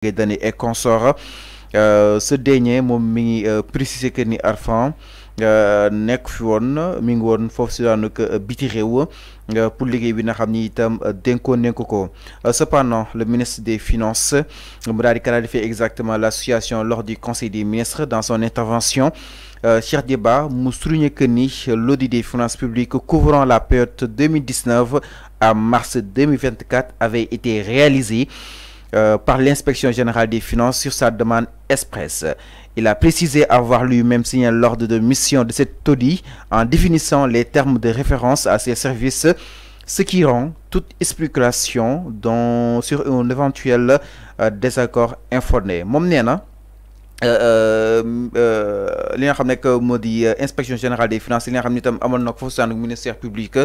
Guédani et consorts euh, ce dernier moom mi euh, précisé que ni Arfan euh, nek fi woon mi ngi woon foofu si daanu biti réew pour liggéey bi nga xam ni itam cependant le ministre des finances mu daal fait exactement l'association lors du conseil des ministres dans son intervention Cher débat, mu que ni l'audit des finances publiques couvrant la période 2019 à mars 2024 avait été réalisé euh, par l'inspection générale des finances sur sa demande express. Il a précisé avoir lui-même signé l'ordre de mission de cette TODI en définissant les termes de référence à ses services, ce qui rend toute explication dont sur un éventuel euh, désaccord informé. Euh, li nga inspection générale des finances li nga ministère public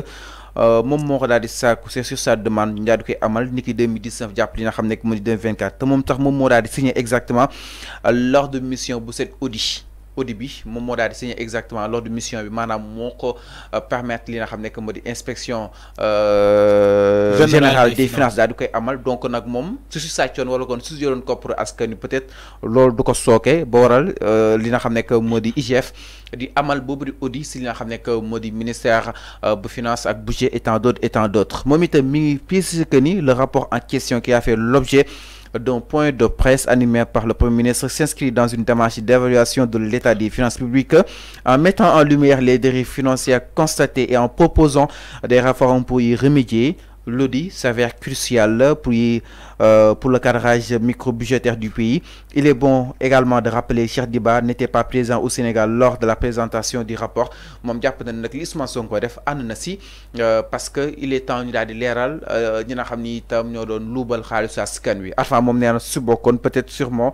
euh, Mon sur sa demande amal niki 2019 japp li nga 2024 te tax exactement euh, lors de mission bu cette au début, moom moo exactement lors de mission bi maanaam moko euh, permettre li nga xam que moo euh, générale des finances daal di koy amal donc on a su si sàccoon wala kon su si à ce que nous peut-être lors du ko sooke ba waral euh, li nga xam que moo IGF di amal bobu di audit si li nga xamné que ministère bu finances ak budget et tant d'autres et tant d'autres moom itam mi ngi que ni le rapport en question qui a fait l'objet d'un point de presse animé par le Premier ministre s'inscrit dans une démarche d'évaluation de l'état des finances publiques en mettant en lumière les dérives financières constatées et en proposant des réformes pour y remédier l'audit s'avère crucial pour, euh, pour le cadrage micro-budgétaire du pays. Il est bon également de rappeler que Diba n'était pas présent au Sénégal lors de la présentation du rapport. Je euh, parce qu'il est temps de euh, peut-être sûrement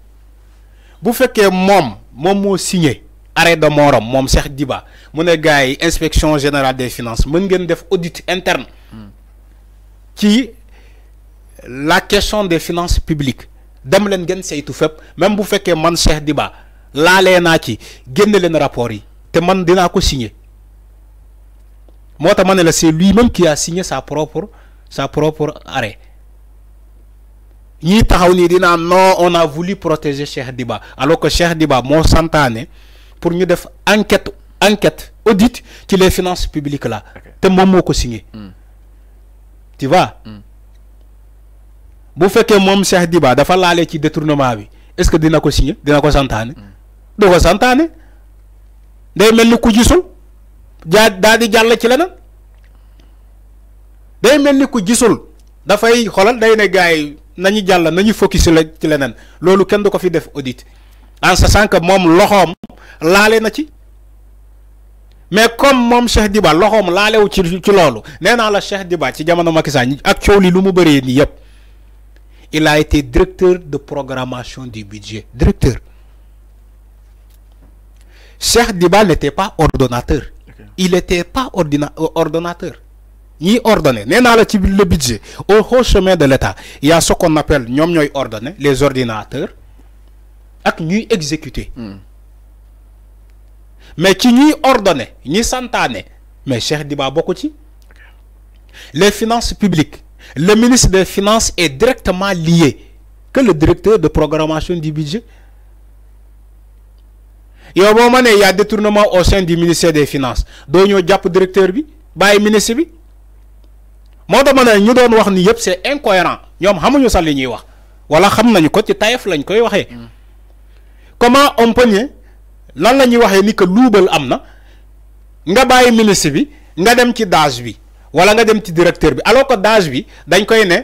bu fekkee que mom, moo signé arrêt de morom mom Cheikh Diba mu gaay inspection générale des finances mën ngeen def audit interne ci la question des finances publiques dem len ngeen saytu fépp même bu que man Cheikh Diba l'a naa ci génne len rapport yi te man dina ko signé mota mané c'est lui-même qui a signé sa propre sa propre arrêt on a voulu protéger Cheikh Diba alors que Cheikh Diba mon pour mieux def enquête enquête audit ci les finances publiques là te moom signé hmm. tu vois hmm. bu Cheikh Diba dafa qui ci détournement est-ce que dina ko signé dina ko le hmm. ko day ku gisul daal nañu jàll nañu focus ci leneen loolu kenn du ko fi def audit en sens que moom loxoom laale na ci mais comme moom Cheikh Diba loxoom laalewu ci ci loolu nee naa la Cheikh Diba ci jamono Macky ak coow li lu mu bëree nii yëpp il a été directeur de programmation du budget directeur Cheikh Diba n'était pas ordonnateur il était pas ordina euh, ordonnateur ni ordonné nee le budget au haut chemin de l'État il y a ce qu'on appelle ñom les ordinateurs ak ñuy exécuter hmm. mais qui ñuy ordonné ñi santané mais Cheikh Diba les finances publiques le ministre des finances est directement lié que le directeur de programmation du budget yow moment où il y a détournement au sein du ministère des finances y a un directeur bi ministre moo dama ne ñu doon wax ni yëpp c'est incohérent ñoom xamuñu sax li ñuy wax wala xam nañu ko ci tayef lañ koy waxee mm. comment on peut lan la ñuy waxee ni que luubal am na nga bàyyi ministre bi nga dem ci DAGE bi wala nga dem ci directeur bi alors que DAGE bi dañ koy ne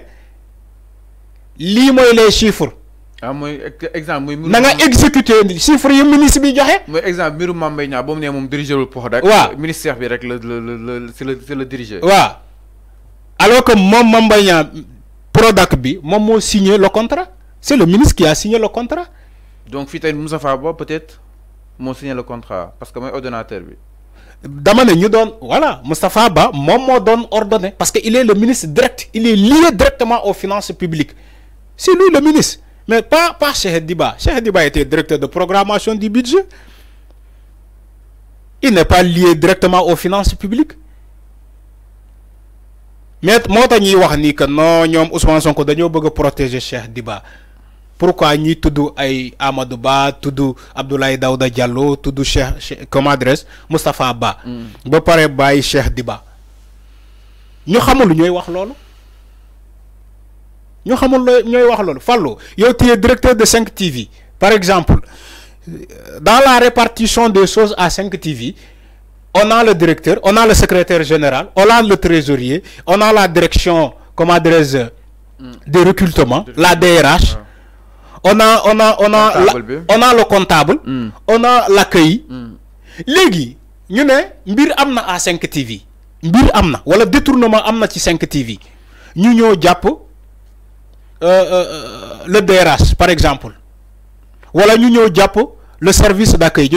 lii mooy les chiffres. ah mooy exemple muy. na nga exécuter chiffres yi ministre bi joxe. mooy exemple mbirum Mame Mbaye Niang mu ne moom dirigerul wul pox rek. waaw ministère bi rek le le le la c'est le c'est le dirigé. waaw alors que mon Mame product, Prodac signé le contrat c'est le ministre qui a signé le contrat. donc Fitaï, Moustapha peut être mon signé le contrat parce que mon ordonnateur bi. dama donne, voilà Moustapha Abba moom donne donne ordonné parce qu'il est le ministre direct il est lié directement aux finances publiques c'est lui le ministre mais pas pas Cheikh Diba Cheikh Diba était directeur de programmation du budget il n'est pas lié directement aux finances publiques mais moo tax ñuy wax ni que non ñom Ousmane Sonko dañoo bëgg protéger Cheikh Diba pourquoi ñi tuddu ay Amadou Ba tuddu Abdoulaye Daouda Diallo tuddu Cheikh comme adresse Mustapha Ba. Mm. ba paré bàyyi Cheikh Diba. ñu xamul ñoy wax lolu ñu xamul ñoy wax lolu il yow tu es directeur de 5 TV par exemple dans la répartition des choses à 5 TV on a le directeur, on a le secrétaire général, on a le trésorier, on a la direction, comme adresse hmm. de recrutement, la DRH, on a, on a, on a, on a le comptable, hmm. on a l'accueil. Hmm. Légui, ñu nous, sommes avons à 5 TV Nous amna, ou le détournement amna 5 TV Nous avons le DRH par exemple Nous ñu le service d'accueil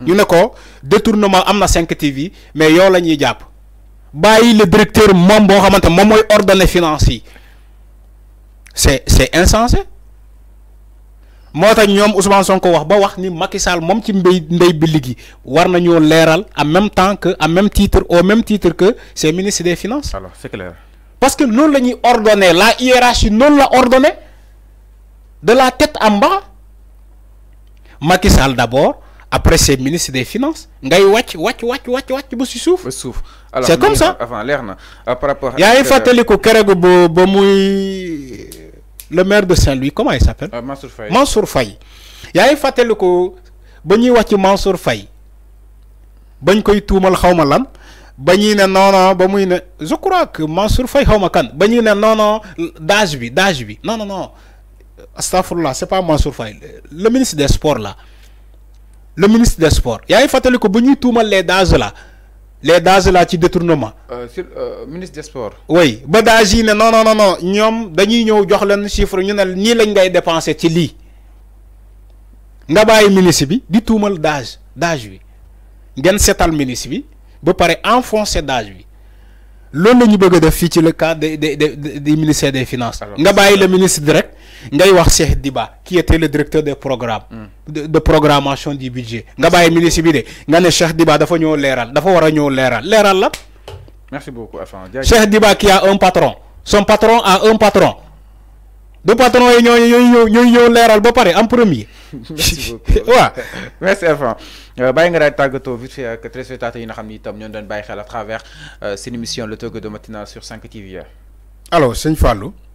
ñu ne ko détournement am na 5 TV mais yow la ñuy jàpp bàyyi le directeur moom boo xamante moom mooy ordonné finance yi c'est c'est insensé moo tax ñoom Ousmane Sonko wax ba wax ni Macky Sall moom ci mbéy ndey bi ligi war nañoo leeral en même temps que en même titre au même titre que ses ministres des finances. alors c'est clair. parce que noonu la ñuy ordonné la hiérarchie noonu la ordonné de la tête en bas Macky Sall d'abord après c'est ministre des finances ngay wacc wacc wacc wacc wacc ba si souf ba alors c'est comme ça avant leer na euh, par rapport. yaa ngi fàttaliku keroog bo bo muy euh, le maire de Saint-Louis comment il s'appelle. Euh, Mansour Faye Mansour Faye. yaa ngi fàttaliku ba ñuy Mansour Faye bañ koy tumal xawma ma lan ba ne non non ba muy ne je crois que Mansour Faye xawma kan ba ne non non dage bi dage bi non non non astafurlah c'est pas Mansour Faye le ministre des sports là le ministre des sports Il y a ko ba ñuy les dages là les là détournement. Le euh, euh, ministre des sports. oui ba ministre non non non ñoom dañuy des jox leen chiffre ñu ne ministre ministre de la bëgg le cas des des des ministère des finances. nga le ministre direct ngay wax Cheikh Diba qui était le directeur des programmes. Hmm. de programmation du budget. nga ministre bi de nga ne Cheikh Diba dafa ñoo léral dafa a léral la. merci beaucoup Cheikh Diba qui a un patron son patron a un patron du patron yi ñooñu ñooñu ñooñu ñëw leeral ba pare en premier. merci beaucoup waaw. merci Elfan euh, bay nga daal tàggatoo vite fait ak téléspectateurs yi nga xamni tam itam ñoo doon bàyyi xel à travers euh, cette émission le Togo de matinale sur 5 TV. alors seigne Fallou.